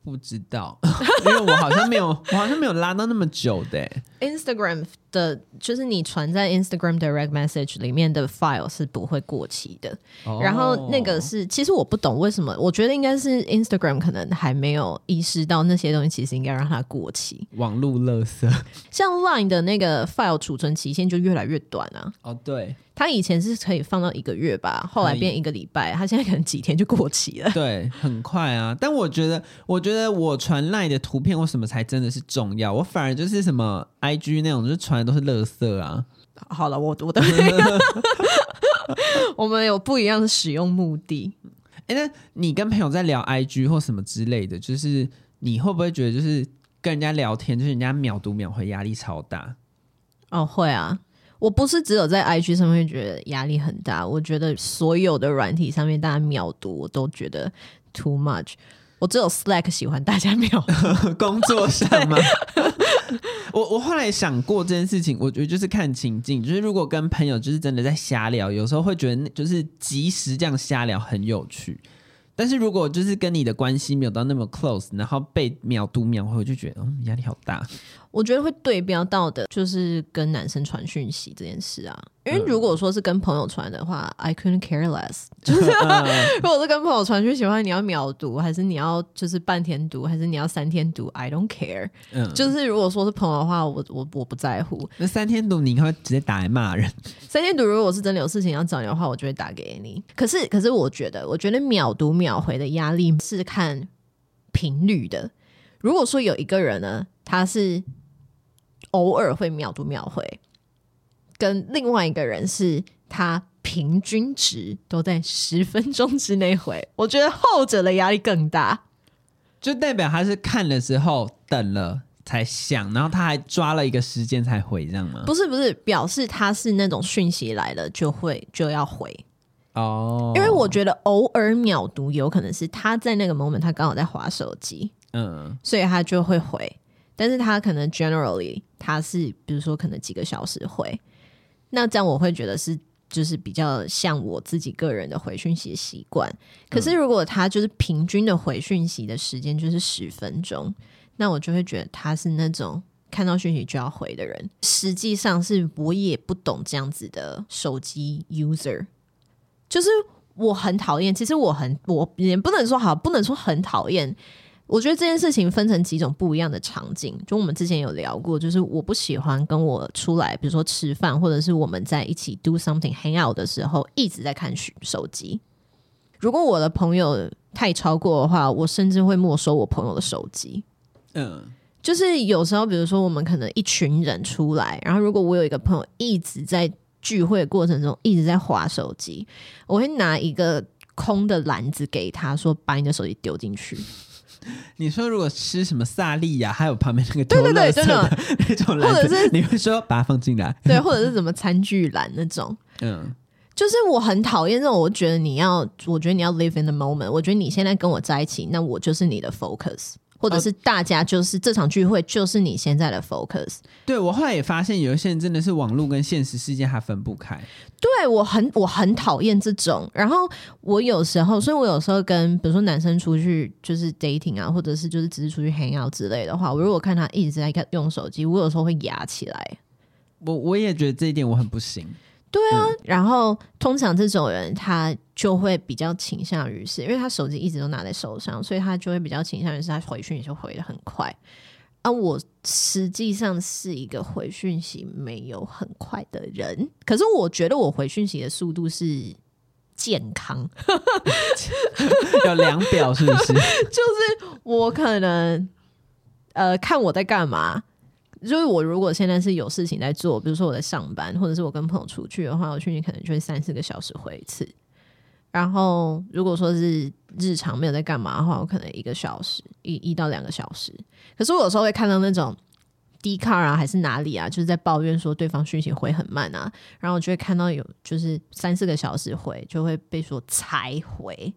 不知道，因為我好像沒有， 我好像沒有拉到那麼久的欸。Instagram 的，就是你傳在 Instagram Direct Message 裡面的 file 是不會過期的。哦、然後那個是，其實我不懂為什麼，我覺得應該是 Instagram 可能還沒有意識到那些東西其實應該讓它過期。網絡垃圾，像 Line 的那個 file 儲存期限就越來越短了、啊。哦，對，它以前是可以放到一個月吧，後來變一個禮拜，它現在可能幾天就過期了。對，很快啊。但我覺得，我覺得我傳 Line 的圖片或什麼才真的是重要，我反而就是什麼。IG 那種就是傳的都是垃圾啊！好了，我我的， 我們有不一樣的使用目的。哎、欸，那你跟朋友在聊 IG 或什麼之類的，就是你會不會覺得就是跟人家聊天，就是人家秒讀秒回，壓力超大？哦，會啊！我不是只有在 IG 上面覺得壓力很大，我覺得所有的軟體上面大家秒讀，我都覺得 too much。我只有 Slack 喜歡大家秒， 工作上嗎？ 我我後來想過這件事情，我覺得就是看情境，就是如果跟朋友就是真的在瞎聊，有時候會覺得就是即時這樣瞎聊很有趣，但是如果就是跟你的關係沒有到那麼 close，然後被秒讀秒回，我就覺得嗯壓力好大。我覺得會對標到的就是跟男生傳訊息這件事啊，因為如果說是跟朋友傳的話、嗯、，I couldn't care less，就是 如果是跟朋友傳訊息的話，話你要秒讀還是你要就是半天讀還是你要三天讀？I don't care，、嗯、就是如果說是朋友的話，我我我不在乎。那三天讀，你應該直接打來罵人。三天讀，如果是真的有事情要找你的話，我就會打給你。可是可是，我覺得我覺得秒讀秒回的壓力是看頻率的。如果說有一個人呢，他是。偶爾會秒讀秒回，跟另外一個人是他平均值都在十分鐘之內回，我覺得後者的壓力更大，就代表他是看了之後等了才想，然後他還抓了一個時間才回，這樣嗎？不是不是，表示他是那種訊息來了就會就要回哦，oh. 因為我覺得偶爾秒讀有可能是他在那個 moment 他剛好在滑手機，嗯，uh. 所以他就會回，但是他可能 generally。他是比如說可能幾個小時回，那這樣我會覺得是就是比較像我自己個人的回訊息習慣。可是如果他就是平均的回訊息的時間就是十分鐘，那我就會覺得他是那種看到訊息就要回的人。實際上是我也不懂這樣子的手機 user，就是我很討厭。其實我很，我也不能說好，不能說很討厭。我覺得這件事情分成幾種不一樣的場景。就我們之前有聊過，就是我不喜歡跟我出來，比如說吃飯，或者是我們在一起 do something hang out 的時候，一直在看手機。如果我的朋友太超過的話，我甚至會沒收我朋友的手機。嗯，uh. 就是有時候，比如說我們可能一群人出來，然後如果我有一個朋友一直在聚會的過程中一直在滑手機，我會拿一個空的籃子給他說：“把你的手機丟進去。”你說如果吃什麼薩莉亞，還有旁邊那個那對，對，對對對，真的那種，或者是你會說把它放進來，對，或者是什麼餐具欄那種，嗯， 就是我很討厭這種，我覺得你要，我覺得你要 live in the moment，我覺得你現在跟我在一起，那我就是你的 focus。或者是大家就是、呃、這場聚會就是你現在的 focus。對，我後來也發現有一些人真的是網絡跟現實世界還分不開。對，我很我很討厭這種。然後我有時候，所以我有時候跟比如說男生出去就是 dating 啊，或者是就是只是出去 hang out 之類的話，我如果看他一直在看用手機，我有時候會壓起來。我我也覺得這一點我很不行。對啊，然後通常這種人他就會比較傾向於是因為他手機一直都拿在手上，所以他就會比較傾向於是他回訊息就回得很快。啊，我實際上是一個回訊息沒有很快的人，可是我覺得我回訊息的速度是健康，有 量表，是不是？ 就是我可能呃，看我在幹嘛。就是我如果現在是有事情在做，比如說我在上班，或者是我跟朋友出去的話，我訊息可能就會三四個小時回一次。然後如果說是日常沒有在幹嘛的話，我可能一個小時一一到兩個小時。可是我有時候會看到那種 D 卡啊、還是哪裡啊，就是在抱怨說對方訊息回很慢啊，然後我就會看到有就是三四個小時回就會被說才回。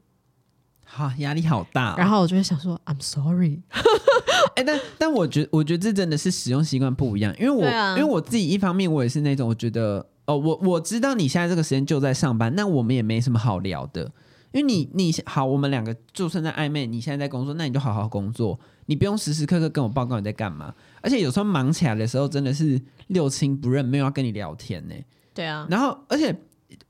好、啊、壓力好大、喔，然後我就會想說，I'm sorry。哎 、欸，但但我覺我覺得這真的是使用習慣不一樣，因為我、啊、因為我自己一方面，我也是那種我覺得，哦，我我知道你現在這個時間就在上班，那我們也沒什麼好聊的，因為你你好，我們兩個就算在曖昧，你現在在工作，那你就好好工作，你不用時時刻刻跟我報告你在幹嘛，而且有時候忙起來的時候，真的是六親不認，沒有要跟你聊天呢、欸。對啊，然後而且。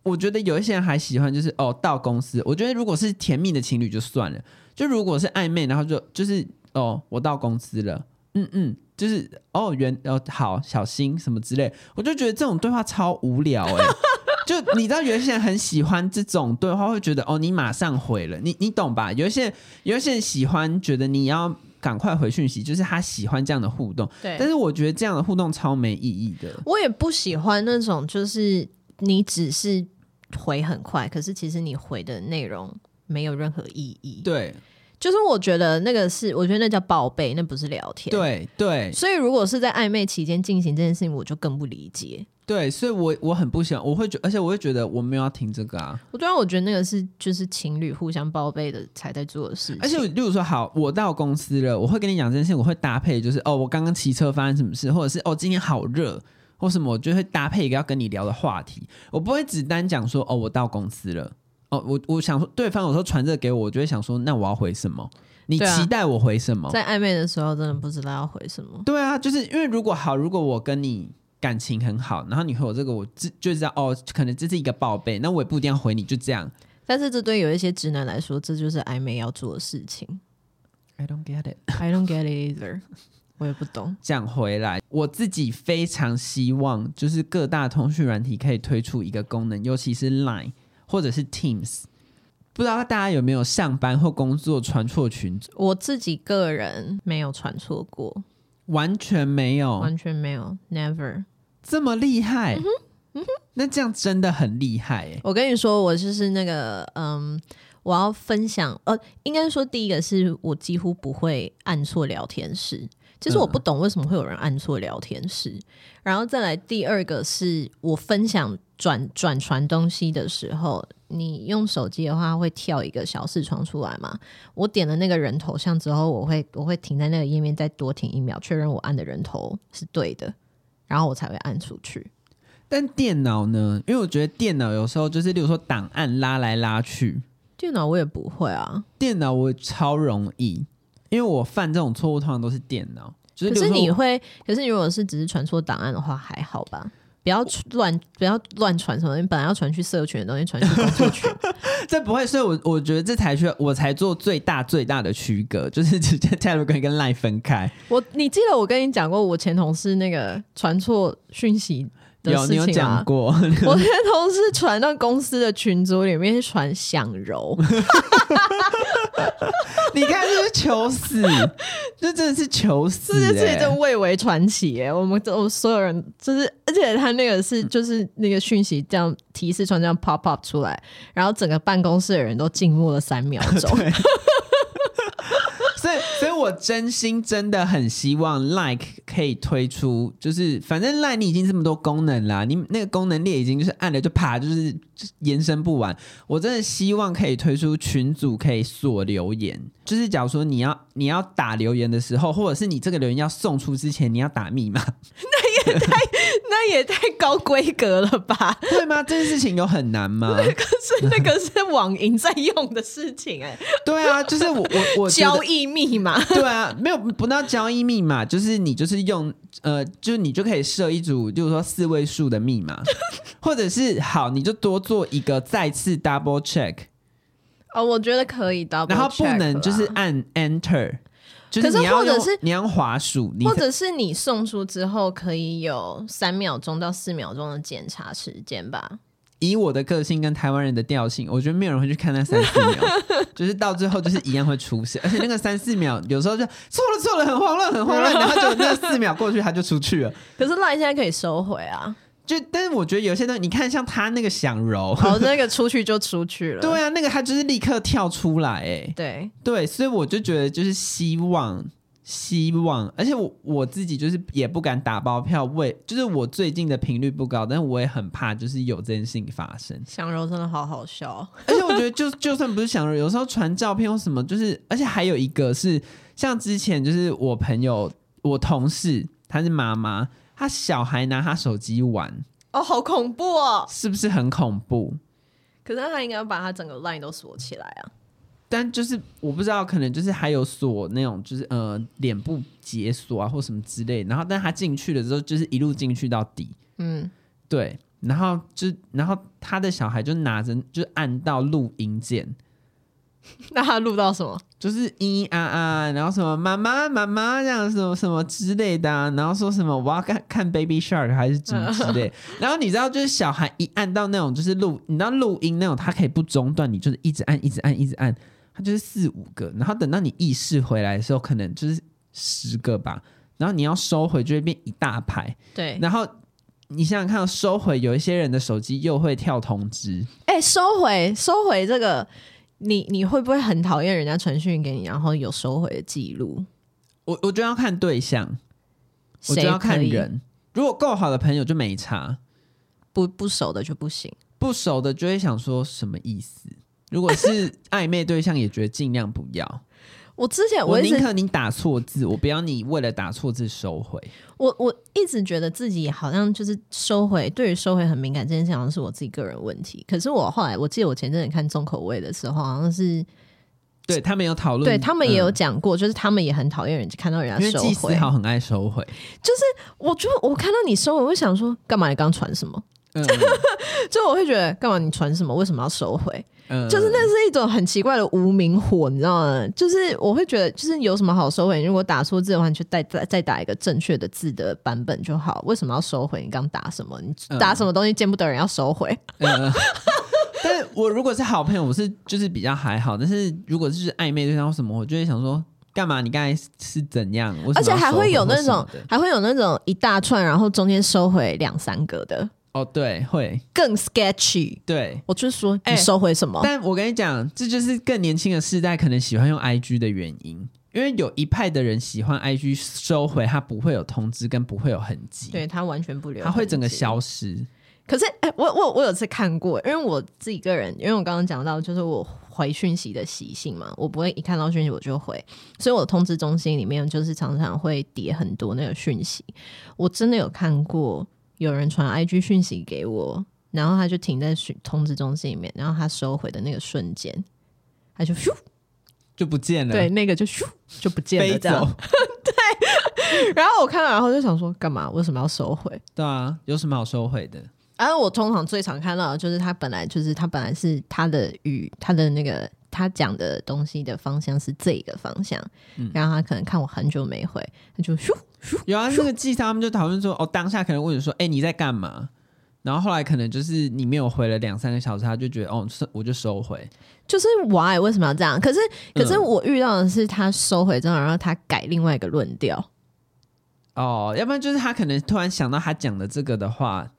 我覺得有一些人還喜歡，就是哦，到公司。我覺得如果是甜蜜的情侶就算了，就如果是曖昧，然後就就是哦，我到公司了，嗯嗯，就是哦原哦好，小心什麼之類，我就覺得這種對話超無聊哎、欸。 就你知道，有一些人很喜歡這種對話，會覺得哦你馬上回了，你你懂吧？有一些有一些人喜歡覺得你要趕快回訊息，就是他喜歡這樣的互動。對，但是我覺得這樣的互動超沒意義的。我也不喜歡那種就是。你只是回很快，可是其實你回的內容沒有任何意義。對，就是我覺得那個是，我覺得那叫報備，那不是聊天。對對，對所以如果是在曖昧期間進行這件事情，我就更不理解。對，所以我，我我很不喜歡，我會覺，而且我會覺得我沒有要聽這個啊。我突然，我覺得那個是就是情侶互相報備的才在做的事情。而且，例如說，好，我到公司了，我會跟你講這件事，我會搭配就是哦，我剛剛騎車發生什麼事，或者是哦，今天好熱。或什麼，我就會搭配一個要跟你聊的話題。我不會只單講說哦，我到公司了。哦，我我想說，對方有時候傳這個給我，我就會想說，那我要回什麼？你期待我回什麼？對啊，在曖昧的時候，真的不知道要回什麼。對啊，就是因為如果好，如果我跟你感情很好，然後你和我這個，我就，就知道哦，可能這是一個報備。那我也不一定要回你，就這樣。但是，這對有一些直男來說，這就是曖昧要做的事情。I don't get it. I don't get it either. 我也不懂。講回來，我自己非常希望，就是各大通訊軟體可以推出一個功能，尤其是 Line 或者是 Teams。不知道大家有沒有上班或工作傳錯群？我自己個人沒有傳錯過，完全沒有，完全沒有，Never。這麼厲害？嗯哼嗯哼，那這樣真的很厲害欸。我跟你說，我就是那個，嗯，我要分享，呃，應該說第一個是我幾乎不會按錯聊天室。其實我不懂為什麼會有人按錯聊天室，嗯啊、然後再來第二個是我分享轉轉傳東西的時候，你用手機的話會跳一個小視窗出來嘛？我點了那個人頭像之後，我會我會停在那個頁面再多停一秒，確認我按的人頭是對的，然後我才會按出去。但電腦呢？因為我覺得電腦有時候就是，例如說檔案拉來拉去，電腦我也不會啊，電腦我也超容易。因為我犯這種錯誤，通常都是電腦。就是、可是你會，我可是你如果是只是傳錯檔案的話，還好吧？不要亂我不要亂傳什麼？你本來要傳去社群的東西，傳去社群， 這不會。所以我我覺得這才去，我才做最大最大的區隔，就是 Telegram 跟 Line 分開。我，你記得我跟你講過，我前同事那個傳錯訊息。啊、有你有講過，我跟同事傳到公司的群組裡面傳想柔，你看這，就是求死，這 真的是求死，欸，這就是一件蔚為傳奇哎，欸，我們都所有人就是，而且他那個是就是那個訊息這樣提示窗這樣 pop up 出來，然後整個辦公室的人都靜默了三秒鐘。 我真心真的很希望 Line 可以推出，就是反正 Line 你已經這麼多功能了啊，你那個功能列已經就是按了就啪，就是。就延伸不完，我真的希望可以推出群組可以鎖留言，就是假如說你要你要打留言的時候，或者是你這個留言要送出之前，你要打密碼，那也太 那也太高規格了吧？對嗎？這件事情有很難嗎？ 那個是那個是網銀在用的事情、欸，哎， 對啊，就是我我我交易密碼， 對啊，沒有不叫交易密碼，就是你就是用呃，就是你就可以設一組，就是說四位數的密碼，或者是好，你就多做。做一個再次 double check。哦，oh, 我覺得可以的。然後不能就是按 enter，可是或者是，就是你要用你要滑鼠，或者是你送出之後可以有三秒鐘到四秒鐘的檢查時間吧。以我的個性跟台灣人的調性，我覺得沒有人會去看那三四秒， 就是到最後就是一樣會出現， 而且那個三四秒有時候就錯了錯了，很慌亂很慌亂， 然後就那四秒過去他就出去了。可是賴現在可以收回啊。就，但是我覺得有些東西，你看像他那個想揉，好，那個出去就出去了。 對啊，那個他就是立刻跳出來，哎對，對對，所以我就覺得就是希望，希望，而且我我自己就是也不敢打包票，為就是我最近的頻率不高，但是我也很怕就是有這件事情發生。想揉真的好好笑， 而且我覺得就就算不是想揉，有時候傳照片或什麼，就是，而且還有一個是像之前就是我朋友，我同事，她是媽媽。他小孩拿他手機玩，哦，好恐怖哦！是不是很恐怖？可是他應該要把他整個 LINE 都鎖起來啊。但就是我不知道，可能就是還有鎖那種，就是呃臉部解鎖啊，或什麼之類。然後，但他進去了之後，就是一路進去到底。嗯，對。然後就然後他的小孩就拿着，就按到錄音鍵。 那他錄到什麼？就是咿咿啊啊，然後什麼媽媽媽媽這樣，什麼什麼之類的、啊，然後說什麼我要看看 Baby Shark 還是怎麼之類的。 然後你知道，就是小孩一按到那種，就是錄，你知道錄音那種，它可以不中斷，你就是一直按，一直按，一直按，它就是四五個。然後等到你意識回來的時候，可能就是十個吧。然後你要收回，就會變一大排。對。然後你想想看，收回有一些人的手機又會跳通知。哎、欸，收回收回這個。你你會不會很討厭人家傳訊給你，然後有收回的記錄？我我就要看對象，誰 我就要看人。以如果夠好的朋友就沒差，不不熟的就不行。不熟的就會想說什麼意思？如果是曖昧對象，也覺得盡量不要。 我之前我一直，我寧可你打錯字，我不要你為了打錯字收回。我我一直覺得自己好像就是收回，對於收回很敏感。這件事好像是我自己個人問題，可是我後來我記得我前陣子看重口味的時候，好像是對，他們有討論，對，他們也有講過，嗯，就是他們也很討厭人家看到人家收回，最好很愛收回。就是我就，我看到你收回，我會想說幹嘛你剛傳什麼？嗯、 就我會覺得幹嘛？你傳什麼？為什麼要收回？嗯、就是那是一種很奇怪的無名火，你知道嗎？就是我會覺得，就是你有什麼好收回？你如果打錯字的話，你就再再再打一個正確的字的版本就好。為什麼要收回？你剛打什麼？你打什麼東西見不得人要收回？嗯，但是我如果是好朋友，我是就是比較還好。但是如果是就是曖昧對象或什麼，我就會想說幹嘛？你剛才是怎樣？而且還會有那種，還會有那種一大串，然後中間收回兩三個的。哦，oh, 對，會更 sketchy。對，我就說你收回什麼，欸？但我跟你講，這就是更年輕的世代可能喜歡用 IG 的原因，因為有一派的人喜歡 IG 收回，他不會有通知，跟不會有痕跡，對、嗯、他完全不留，他會整個消失。可是，哎、欸，我我我有，我有次看過，因為我自己個人，因為我剛剛講到，就是我回訊息的習性嘛，我不會一看到訊息我就回，所以我的通知中心裡面就是常常會疊很多那個訊息。我真的有看過。有人傳 IG 訊息給我，然後他就停在訊通知中心裡面，然後他收回的那個瞬間，他就咻，就，、那個、就咻，就不見了。對，那個就咻就不見了，這樣。 走 對， 然後我看到，然後就想說，幹嘛？為什麼要收回？對啊，有什麼好收回的？啊，我通常最常看到的就是他本來就是他本來是他的與他的那個。他講的東西的方向是這一個方向，嗯、然後他可能看我很久沒回，他就咻咻咻，有啊，那咻個計他們就討論說，哦，當下可能問你說，哎，你在幹嘛？然後後來可能就是你沒有回了兩三個小時，他就覺得哦，我就收回，就是 why 為什麼要這樣？可是可是我遇到的是他收回之後，然後他改另外一個論調、嗯。哦，要不然就是他可能突然想到他講的這個的話，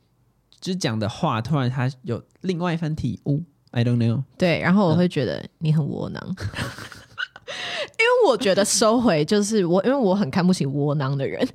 就是講的話突然他有另外一番體悟。哦 I don't know。對，然後我會覺得你很窩囊， 因為我覺得收回就是我，因為我很看不起窩囊的人。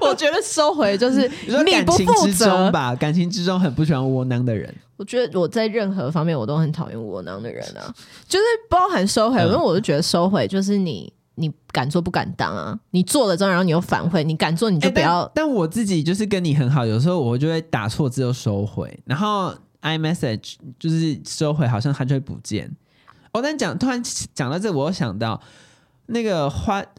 我覺得收回就是你不負責，比如說感情之中吧，感情之中很不喜歡窩囊的人。我覺得我在任何方面我都很討厭窩囊的人啊，就是包含收回，因為我就覺得收回就是你，你敢做不敢當啊，你做了之後然後你又反悔，你敢做你就不要、欸，但。但我自己就是跟你很好，有時候我就會打錯字又收回，然後。iMessage 就是收回，好像它就會不見。哦、oh,，但講突然講到這，我又想到那個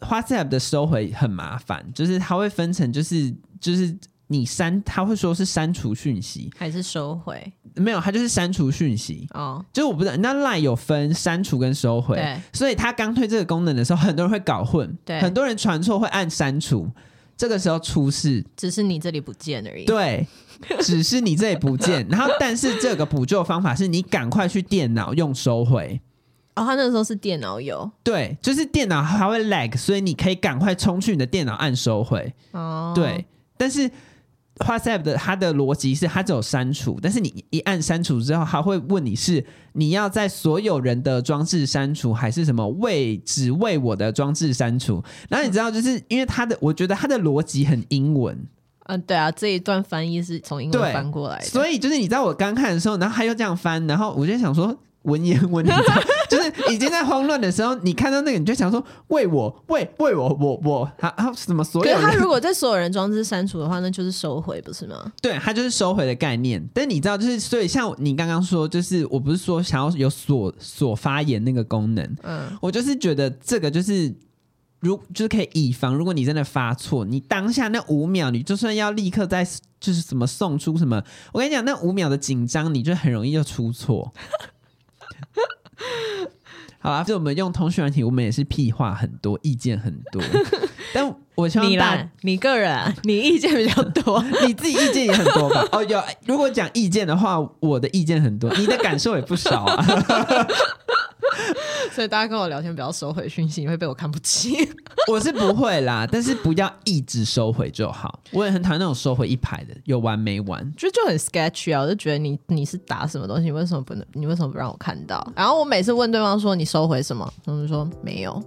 WhatsApp 的收回很麻煩，就是它會分成，就是就是你刪，它會說是刪除訊息還是收回？沒有，它就是刪除訊息。哦，就是我不知道那 line 有分刪除跟收回，對所以它剛推這個功能的時候，很多人會搞混。對，很多人傳錯會按刪除。這個時候出事，只是你這裡不見而已。對，只是你這裡不見，然後但是這個補救方法是你趕快去電腦用收回。哦，他那個時候是電腦有。對，就是電腦還會 lag，所以你可以趕快衝去你的電腦按收回。哦，對，但是。WhatsApp 的它的邏輯是它只有刪除，但是你一按刪除之後，它會問你是你要在所有人的裝置刪除，還是什麼為只為我的裝置刪除？然後你知道就是、嗯、因為它的，我覺得它的邏輯很英文。嗯、啊，對啊，這一段翻譯是從英文翻過來，所以就是你知道我剛看的時候，然後它又這樣翻，然後我就想說。文言文你知道，就是已經在慌亂的時候， 你看到那個，你就想說“為我，為為我，我我他、啊、什麼所有人？他如果在所有人裝置刪除的話，那就是收回，不是嗎？對，他就是收回的概念。但你知道，就是所以像你剛剛說，就是我不是說想要有所所發言那個功能，嗯，我就是覺得這個就是如就是可以以防，如果你真的發錯，你當下那五秒，你就算要立刻在就是什麼送出什麼，我跟你講，那五秒的緊張，你就很容易就出錯。 好啊，就我們用通訊軟體，我們也是屁話很多，意見很多。但我希望你你個人、啊，你意見比較多， 你自己意見也很多吧？哦、oh，有。如果講意見的話，我的意見很多，你的感受也不少啊。 所以大家跟我聊天不要收回訊息，你會被我看不起。我是不會啦， 但是不要一直收回就好。我也很討厭那種收回一排的，有完沒完，就就很 sketchy 啊，我就覺得你你是打什麼東西？你為什麼不能？你為什麼不讓我看到？然後我每次問對方說你收回什麼，他們說沒有。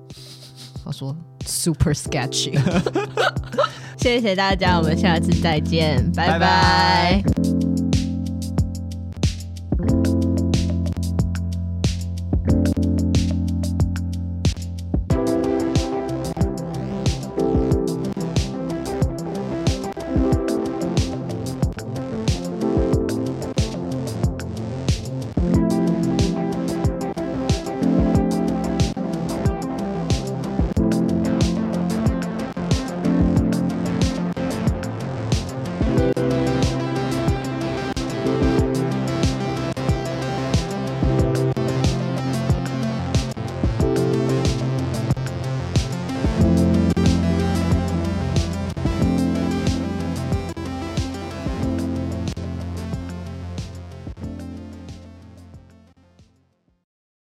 他說 super sketchy。 謝謝大家，我們下次再見，拜拜。拜拜。